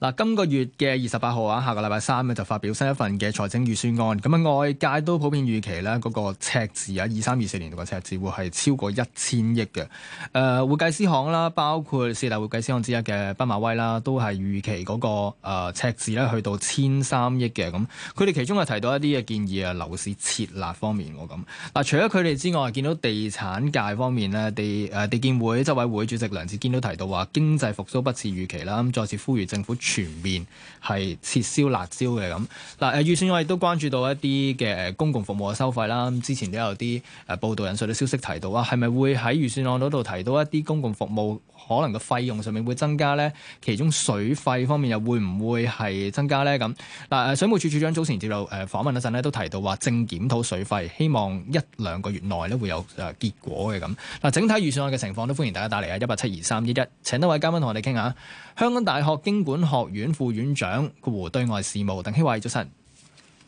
嗱，今個月嘅二十八號啊，下個禮拜三咧就發表新一份嘅財政預算案。咁啊，外界都普遍預期咧嗰個赤字啊，二三二四年個赤字會係超過一千億嘅。誒、呃，會計師行啦，包括四大會計師行之一嘅畢馬威啦，都係預期嗰、那個、呃、赤字咧去到千三億嘅。咁佢哋其中係提到一啲嘅建議啊，樓市設立方面喎咁。嗱，除咗佢哋之外，見到地產界方面咧，地誒地建會執委會主席梁志堅都提到話經濟復甦不似預期啦，咁再次呼籲政府。全面係撤銷辣招嘅。咁嗱，預算案亦都關注到一啲嘅公共服務嘅收費啦。咁之前都有啲誒報道引述嘅消息提到啊，係咪會喺預算案嗰度提到一啲公共服務可能嘅費用上面會增加呢？其中水費方面又會唔會係增加呢？咁嗱，水務處處長早前接受誒訪問嗰陣呢都提到話正檢討水費，希望一兩個月內咧會有誒結果嘅。咁嗱，整體預算案嘅情況都歡迎大家打嚟啊，一八七二三一一。請多位嘉賓同我哋傾下，香港大學經管學學院副院長顧對外事務鄧希煒早晨。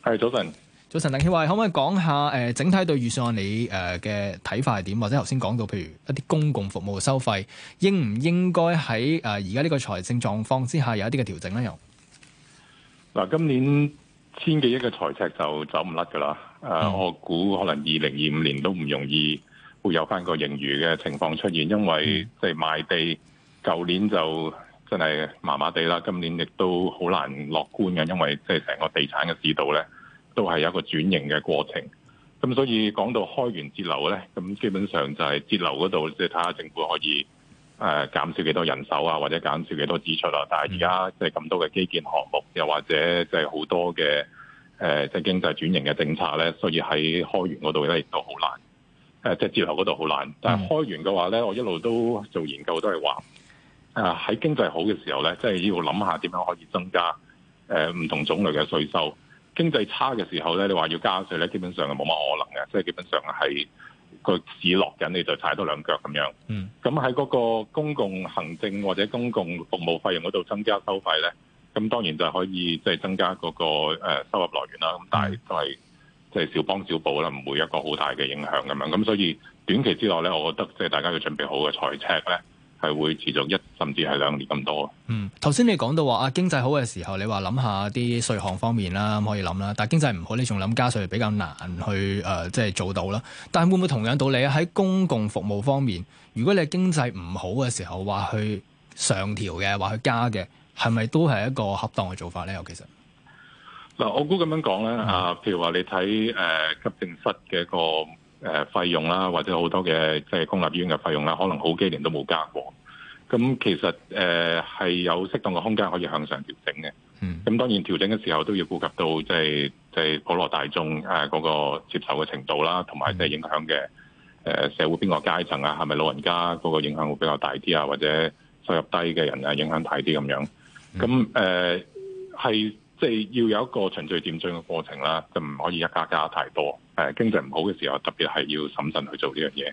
係早晨，早晨鄧希煒，可唔可以講下誒、呃、整體對預算案你誒嘅睇法係點？或者頭先講到譬如一啲公共服務收費，應唔應該喺誒而家呢個財政狀況之下有一啲嘅調整咧？又嗱，今年千幾億嘅財赤就走唔甩㗎喇。誒、呃嗯，我估可能二零二五年都唔容易會有返個盈餘嘅情況出現，因為即係賣地，舊年就。真係麻麻地啦，今年亦都好難樂觀嘅，因為即係成個地產嘅市道咧，都係有一個轉型嘅過程。咁所以講到開源節流咧，咁基本上就係節流嗰度，即係睇下政府可以誒減少幾多人手啊，或者減少幾多支出咯、啊。但係而家即係咁多嘅基建項目，又或者即係好多嘅誒即係經濟轉型嘅政策咧，所以喺開源嗰度咧亦都好難誒，即係節流嗰度好難。但係開源嘅話咧，我一路都做研究都係話。啊！喺經濟好嘅時候咧，即係要諗下點樣可以增加誒唔同種類嘅稅收。經濟差嘅時候咧，你話要加稅咧，基本上係冇乜可能嘅，即係基本上係個市落緊，你就踩多兩腳咁樣。嗯。咁喺嗰個公共行政或者公共服務費用嗰度增加收費咧，咁當然就可以即係增加嗰個收入來源啦。咁但係都係即係小幫小補啦，唔會一個好大嘅影響咁樣。咁所以短期之內咧，我覺得即係大家要準備好嘅財赤咧。係會持續一甚至係兩年咁多。嗯，頭先你講到話啊，經濟好嘅時候，你話諗下啲稅項方面啦，可以諗啦。但係經濟唔好，你仲諗加稅比較難去誒，即、呃、係、就是、做到啦。但係會唔會同樣道理？喺公共服務方面，如果你經濟唔好嘅時候，話去上調嘅，話去加嘅，係咪都係一個恰當嘅做法呢？又其實我估咁樣講呢、嗯、啊，譬如話你睇誒急症室嘅一個。誒、呃、費用啦，或者好多嘅即係公立醫院嘅費用啦，可能好幾年都冇加過。咁其實誒係、呃、有適當嘅空間可以向上調整嘅。咁、嗯、當然調整嘅時候都要顧及到即係即係普羅大眾誒嗰、呃、那個接受嘅程度啦，同埋即係影響嘅誒、呃、社會邊個階層啊？係咪老人家嗰個影響會比較大啲啊？或者收入低嘅人啊，影響大啲咁樣？咁誒係。即係要有一個循序漸進嘅過程啦，就唔可以一家加太多。誒，經濟唔好嘅時候，特別係要審慎去做呢樣嘢。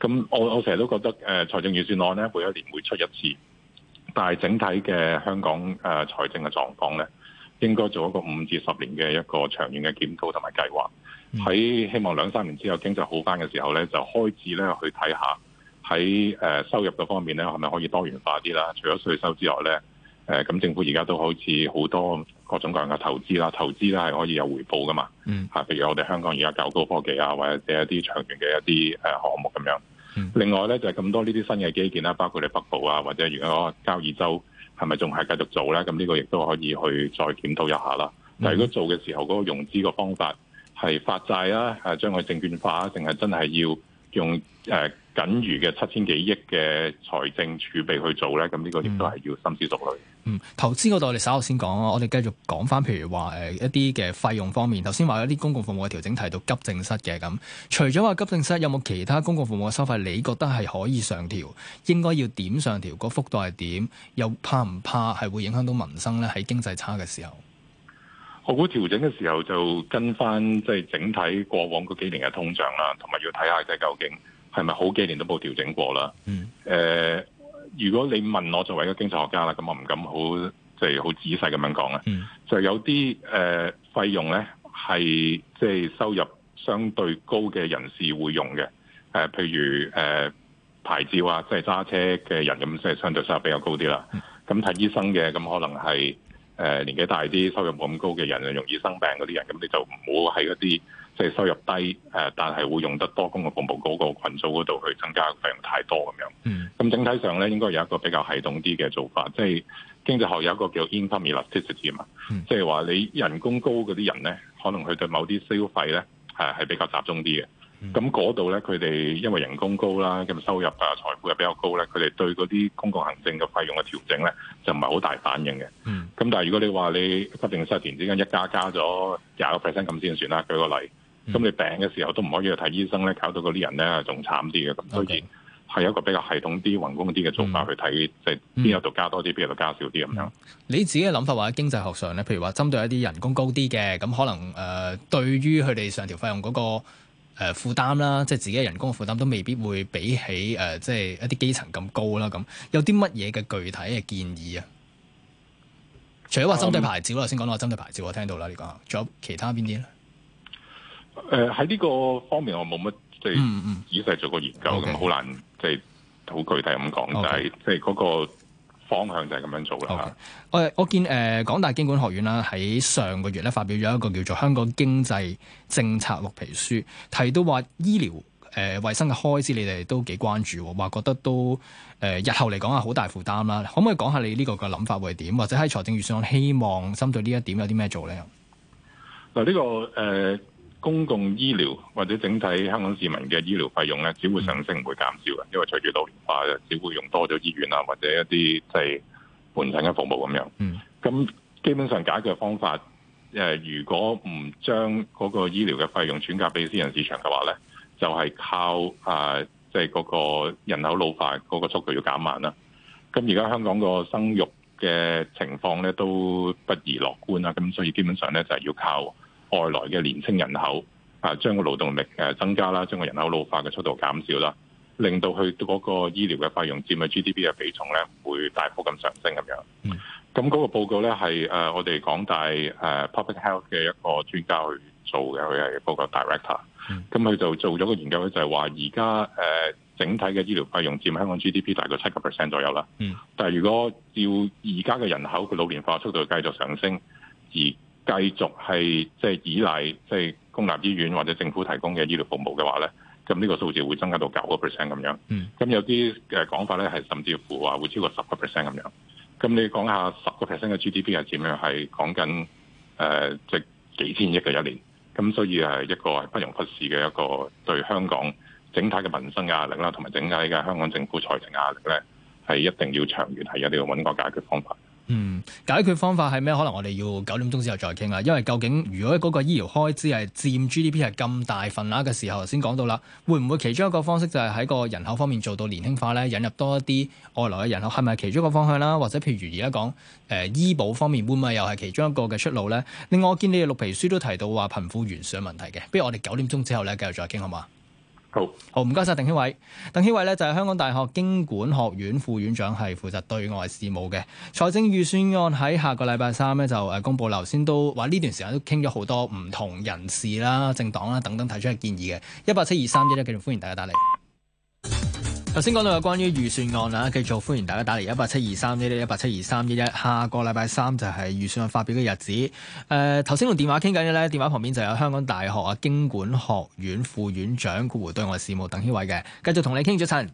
咁、嗯、我我成日都覺得，誒、呃，財政預算案咧，每一年會出一次，但係整體嘅香港誒財、呃、政嘅狀況咧，應該做一個五至十年嘅一個長遠嘅檢討同埋計劃。喺、嗯、希望兩三年之後經濟好翻嘅時候咧，就開始咧去睇下喺誒、呃、收入嘅方面咧，係咪可以多元化啲啦？除咗稅收之外咧。誒咁，政府而家都好似好多各種各樣嘅投資啦，投資啦係可以有回報噶嘛。嗯，嚇，譬如我哋香港而家搞高科技啊，或者一啲長遠嘅一啲誒項目咁樣、嗯。另外咧就係、是、咁多呢啲新嘅基建啦，包括你北部啊，或者如果交椅洲，係咪仲係繼續做咧？咁呢個亦都可以去再檢討一下啦。但、嗯、係如果做嘅時候嗰、嗰個融資嘅方法係發債啊，係、啊、將佢證券化啊，定係真係要用誒，呃僅餘嘅七千幾億嘅財政儲備去做呢？咁呢個亦都係要深思熟慮嗯。嗯，投資嗰度我哋稍後先講啊，我哋繼續講翻，譬如話誒一啲嘅費用方面，頭先話有啲公共服務嘅調整，提到急症室嘅咁，除咗話急症室有冇其他公共服務嘅收費，你覺得係可以上調，應該要點上調，個幅度係點？又怕唔怕係會影響到民生呢？喺經濟差嘅時候，我估調整嘅時候就跟翻即係整體過往嗰幾年嘅通脹啦，同埋要睇下就係究竟。係咪好幾年都冇調整過啦？誒、mm. 呃，如果你問我作為一個經濟學家啦，咁我唔敢好即係好仔細咁樣講啊、mm. 呃。就有啲誒費用咧，係即係收入相對高嘅人士會用嘅。誒、呃，譬如誒、呃、牌照啊，即係揸車嘅人咁，即、就、係、是、相對收入比較高啲啦。咁、mm. 睇醫生嘅，咁可能係誒、呃、年紀大啲、收入冇咁高嘅人，容易生病嗰啲人，咁你就唔好喺一啲，即係收入低誒，但係會用得多公共服務嗰個群組嗰度去增加費用太多咁樣。咁、嗯、整體上咧，應該有一個比較系統啲嘅做法。即係經濟學有一個叫 income elasticity 啊、嗯、嘛，即係話你人工高嗰啲人咧，可能佢對某啲消費咧係係比較集中啲嘅。咁嗰度咧，佢哋因為人工高啦，咁收入啊財富又比較高咧，佢哋對嗰啲公共行政嘅費用嘅調整咧，就唔係好大反應嘅。咁、嗯、但係如果你話你不定失田之間一家加加咗廿個 percent 咁先算啦，舉個例。咁、嗯、你、嗯、病嘅時候都唔可以去睇醫生咧，搞到嗰啲人咧仲慘啲嘅。咁、okay, 所以係一個比較系統啲、宏觀啲嘅做法、嗯、去睇，即係邊度加多啲，邊、嗯、度加少啲咁、嗯、樣。你自己嘅諗法或者經濟學上咧，譬如話針對一啲人工高啲嘅，咁可能誒、呃，對於佢哋上調費用嗰、那個誒負擔啦，即係自己嘅人工嘅負擔都未必會比起誒、呃，即係一啲基層咁高啦。咁有啲乜嘢嘅具體嘅建議啊？除咗話針對牌照啦、嗯，先講到話針對牌照，我聽到啦，你講，仲有其他邊啲咧？誒、呃，喺呢個方面我冇乜即係仔細做過研究，咁、okay. 好難即係好具體咁講，但係即係嗰個方向就係咁樣做啦、okay.。我我見誒、呃，港大經管學院啦，喺上個月咧發表咗一個叫做《香港經濟政策綠皮書》，提到話醫療誒衛生嘅開支，你哋都幾關注，話覺得都誒、呃、日後嚟講啊好大負擔啦。可唔可以講下你呢個嘅諗法會點？或者喺財政預算案希望針對呢一點有啲咩做咧？嗱、呃、呢、這個誒。呃公共醫療或者整體香港市民嘅醫療費用咧，只會上升，唔會減少嘅。因為隨住老年化，只會用多咗醫院啊，或者一啲即係門診嘅服務咁樣。咁、嗯、基本上解決方法，誒、呃，如果唔將嗰個醫療嘅費用轉嫁俾私人市場嘅話咧，就係、是、靠啊，即係嗰個人口老化嗰個速度要減慢啦。咁而家香港個生育嘅情況咧都不宜樂觀啦。咁所以基本上咧就係、是、要靠，外來嘅年輕人口啊，將個勞動力誒增加啦，將個人口老化嘅速度減少啦，令到佢嗰個醫療嘅費用占嘅 GDP 嘅比重咧，會大幅咁上升咁樣。咁、嗯、嗰個報告咧係誒我哋港大誒 public health 嘅一個專家去做嘅，佢係報告 director、嗯。咁佢就做咗個研究咧，就係話而家誒整體嘅醫療費用占香港 GDP 大概七個 percent 左右啦、嗯。但係如果照而家嘅人口佢老年化速度繼續上升而繼續係即係依賴即係公立醫院或者政府提供嘅醫療服務嘅話咧，咁呢個數字會增加到九個 percent 咁樣。嗯，咁有啲誒講法咧係甚至乎話會超過十個 percent 咁樣。咁你講下十個 percent 嘅 GDP 係點樣？係講緊誒即係幾千億嘅一年。咁所以係一個不容忽視嘅一個對香港整體嘅民生壓力啦，同埋整體嘅香港政府財政壓力咧，係一定要長遠係一定要揾個解決方法。嗯，解決方法係咩？可能我哋要九點鐘之後再傾啦。因為究竟如果嗰個醫療開支係佔 GDP 係咁大份額嘅時候，先講到啦，會唔會其中一個方式就係喺個人口方面做到年輕化呢？引入多一啲外來嘅人口，係咪其中一個方向啦？或者譬如而家講誒醫保方面，會唔會又係其中一個嘅出路呢？另外，我見你哋綠皮書都提到話貧富懸殊嘅問題嘅，不如我哋九點鐘之後咧繼續再傾好嘛？好好，唔該晒鄧希煒。鄧希煒咧就係、是、香港大學經管學院副院長，係負責對外事務嘅。財政預算案喺下個禮拜三咧就公佈。頭先都話呢段時間都傾咗好多唔同人士啦、政黨啦等等提出嘅建議嘅，一八七二三一一嘅，繼續歡迎大家打嚟。頭先講到有關於預算案啦，繼續歡迎大家打嚟，一八七二三一一一八七二三一一，下個禮拜三就係預算案發表嘅日子。誒、呃，頭先用電話傾緊嘅咧，電話旁邊就有香港大學啊經管學院副院長顧回對外事務鄧希煒嘅，繼續同你傾，早晨。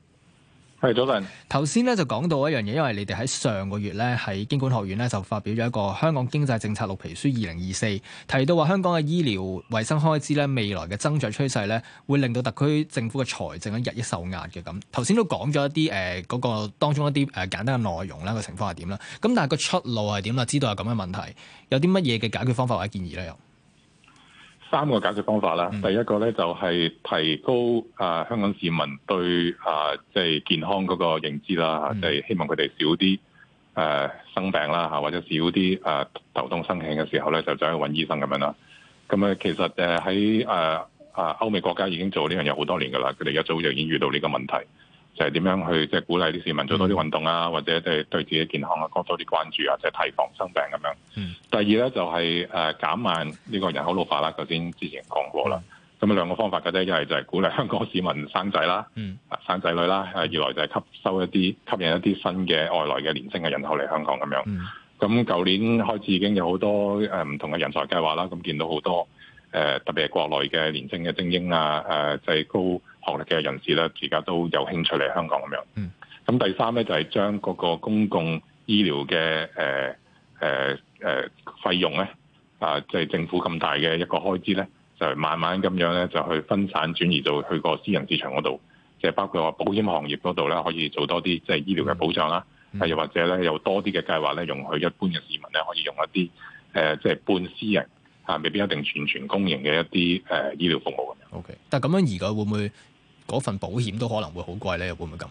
係，早晨。頭先咧就講到一樣嘢，因為你哋喺上個月咧喺經管學院咧就發表咗一個《香港經濟政策綠皮書二零二四》，提到話香港嘅醫療衛生開支咧未來嘅增長趨勢咧會令到特區政府嘅財政咧日益受壓嘅。咁。頭先都講咗一啲誒嗰個當中一啲誒、呃、簡單嘅內容啦，個情況係點啦，咁但係個出路係點啦？知道有咁嘅問題，有啲乜嘢嘅解決方法或者建議咧？又？三個解決方法啦，第一個咧就係提高啊香港市民對啊即係健康嗰個認知啦，就係希望佢哋少啲誒生病啦吓，或者少啲誒頭痛身㷫嘅時候咧，就走去搵醫生咁樣啦。咁啊，其實誒喺誒啊歐美國家已經做呢樣嘢好多年㗎喇，佢哋一早就已經遇到呢個問題。就係、是、點樣去即係、就是、鼓勵啲市民做多啲運動啊，嗯、或者對對自己健康啊多多啲關注啊，即係提防生病咁樣、嗯。第二咧就係、是、誒、呃、減慢呢個人口老化啦。頭先之前講過啦，咁、嗯、兩個方法嘅啫，一係就係鼓勵香港市民生仔啦，嗯、生仔女啦；二來就係吸收一啲吸引一啲新嘅外來嘅年輕嘅人口嚟香港咁樣。咁、嗯、舊年開始已經有好多誒唔、呃、同嘅人才計劃啦，咁見到好多誒、呃、特別係國內嘅年青嘅精英啊、呃、就係、是、高。學歷嘅人士咧，而家都有興趣嚟香港咁樣。咁第三咧就係將嗰個公共醫療嘅誒誒誒費用咧啊，即係政府咁大嘅一個開支咧，就慢慢咁樣咧就去分散轉移到去個私人市場嗰度，即係包括話保險行業嗰度咧，可以做多啲即係醫療嘅保障啦。係，嗯，又或者咧有多啲嘅計劃咧，用佢一般嘅市民咧，可以用一啲誒即係半私人。啊，未必一定全全公營嘅一啲誒、呃、醫療服務咁樣。O、okay. K，但係咁樣而家會唔會嗰份保險都可能會好貴咧？會唔會咁？誒、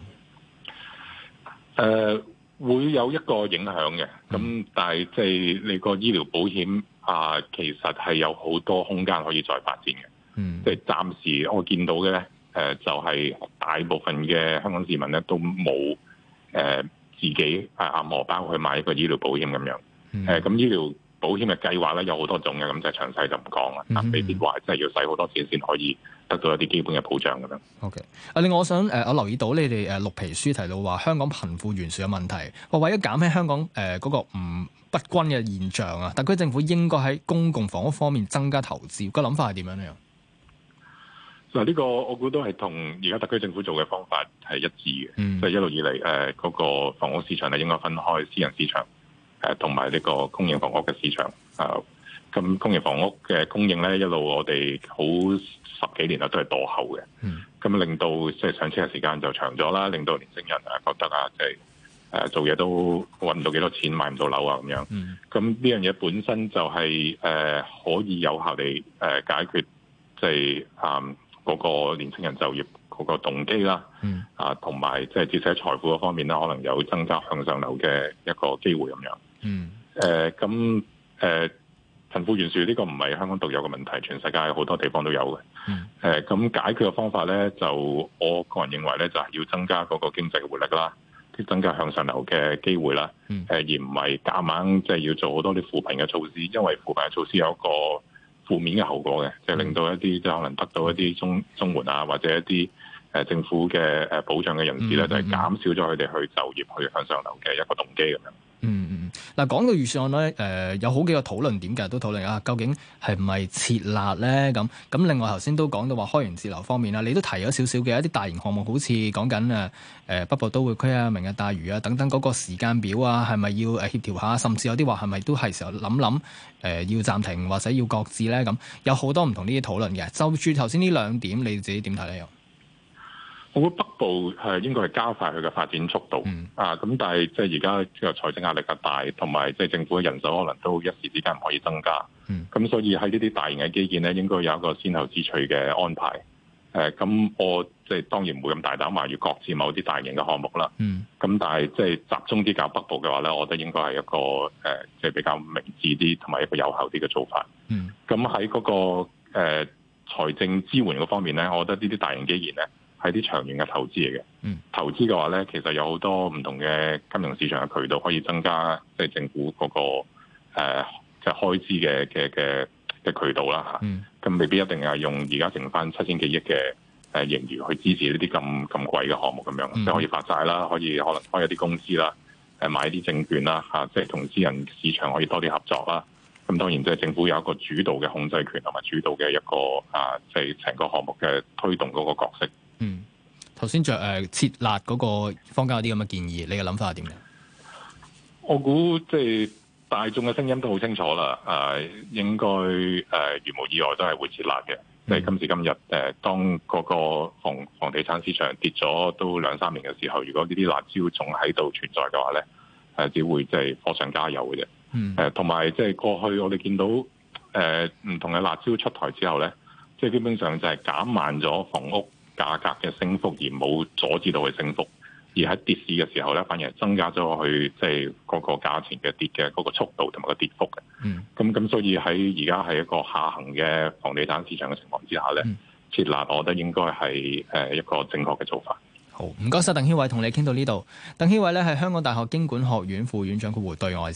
呃，會有一個影響嘅。咁、嗯、但係即係你個醫療保險啊、呃，其實係有好多空間可以再發展嘅。嗯。即、就、係、是、暫時我見到嘅咧，誒、呃、就係、是、大部分嘅香港市民咧都冇誒、呃、自己誒暗荷包去買一個醫療保險咁樣。誒、嗯、咁、呃、醫療。保險嘅計劃咧有好多種嘅，咁就詳細就唔講啦。嗱，未必話真係要使好多錢先可以得到一啲基本嘅保障咁樣。OK，啊，另外我想誒、呃，我留意到你哋誒、呃、綠皮書提到話香港貧富懸殊嘅問題，或為咗減輕香港誒嗰、呃那個唔不，不均嘅現象啊，特區政府應該喺公共房屋方面增加投資，那個諗法係點樣咧？嗱，呢個我估都係同而家特區政府做嘅方法係一致嘅，即、嗯、係一路以嚟誒嗰個房屋市場係應該分開私人市場。誒同埋呢個供應房屋嘅市場啊，咁供應房屋嘅供應咧，一路我哋好十幾年都係墮後嘅。咁令到即係上車嘅時間就長咗啦，令到年輕人啊覺得啊，即係誒做嘢都揾唔到幾多錢，買唔到樓啊咁樣。嗯，咁呢樣嘢本身就係誒可以有效地誒解決即係誒嗰個年輕人就業，那個動機啦，啊，同埋即係至少財富嗰方面咧，可能有增加向上流嘅一個機會咁樣。嗯、啊，誒，咁誒貧富懸殊呢個唔係香港獨有嘅問題，全世界好多地方都有嘅。誒、啊，咁解決嘅方法咧，就我個人認為咧，就係、是、要增加嗰個經濟嘅活力啦，即增加向上流嘅機會啦。誒、啊，而唔係夾硬即係要做好多啲扶貧嘅措施，因為扶貧嘅措施有一個負面嘅後果嘅，即、就、係、是、令到一啲即係可能得到一啲綜綜援啊，或者一啲，誒，政府嘅誒保障嘅人士咧，就係減少咗佢哋去就業、去向上流嘅一個動機咁樣。嗯嗯嗯。嗱，講到預算案咧，誒、呃、有好幾個討論點的，嘅都討論啊。究竟係咪設立咧？咁咁，那另外頭先都講到話開源節流方面啦，你都提咗少少嘅一啲大型項目，好似講緊誒誒北部都會區啊、明日大嶼啊等等嗰個時間表啊，係咪要誒協調下？甚至有啲話係咪都係時候諗諗誒，要暫停或者要擱置咧？咁有好多唔同啲討論嘅。就住頭先呢兩點，你自己點睇咧？我覺得北部係應該係加快佢嘅發展速度、嗯、啊！咁但係即係而家嘅財政壓力較大，同埋即係政府嘅人手可能都一時之間唔可以增加。咁、嗯、所以喺呢啲大型嘅基建咧，應該有一個先後之序嘅安排。誒、啊，咁我即係當然唔會咁大膽埋於各自某啲大型嘅項目啦。咁、嗯、但係即係集中啲搞北部嘅話咧，我覺得應該係一個誒，即、呃、係、就是、比較明智啲，同埋一個有效啲嘅做法。咁喺嗰個誒、呃、財政支援嘅方面咧，我覺得呢啲大型基建咧，係啲長遠嘅投資嚟嘅，投資嘅話咧，其實有好多唔同嘅金融市場嘅渠道可以增加，即係政府嗰個誒嘅開支嘅嘅嘅嘅渠道啦嚇。咁，嗯，未必一定係用而家剩翻七千幾億嘅誒盈餘去支持呢啲咁咁貴嘅項目咁樣，即係可以發債啦，可以可能開一啲公司啦，誒買啲證券啦嚇，即係同私人市場可以多啲合作啦。咁當然即係政府有一個主導嘅控制權同埋主導嘅一個啊，即係成個項目嘅推動嗰個角色。嗯，頭先着誒，撤、呃、辣嗰個坊間有啲咁嘅建議，你嘅諗法係點嘅？我估即係大眾嘅聲音都好清楚啦，誒、呃，應該誒、呃，如無意外都係會撤辣嘅。即、嗯、係、就是、今時今日，誒、呃，當嗰個房房地產市場跌咗都兩三年嘅時候，如果呢啲辣招仲喺度存在嘅話咧，係、呃、只會即係火上加油嘅啫。誒、嗯，同埋即係過去我哋見到誒唔、呃、同嘅辣招出台之後咧，即、就、係、是、基本上就係減慢咗房屋，價格嘅升幅而冇阻止到佢升幅，而喺跌市嘅時候咧，反而係增加咗佢，即係嗰個價錢嘅跌嘅嗰個速度同埋個跌幅嘅。咁咁所以喺而家係一個下行嘅房地產市場嘅情況之下咧，設立我覺得應該係誒一個正確嘅做法、嗯嗯。好，唔該晒，鄧希煒同你傾到呢度。鄧希煒咧係香港大學經管學院副院長，佢會對外。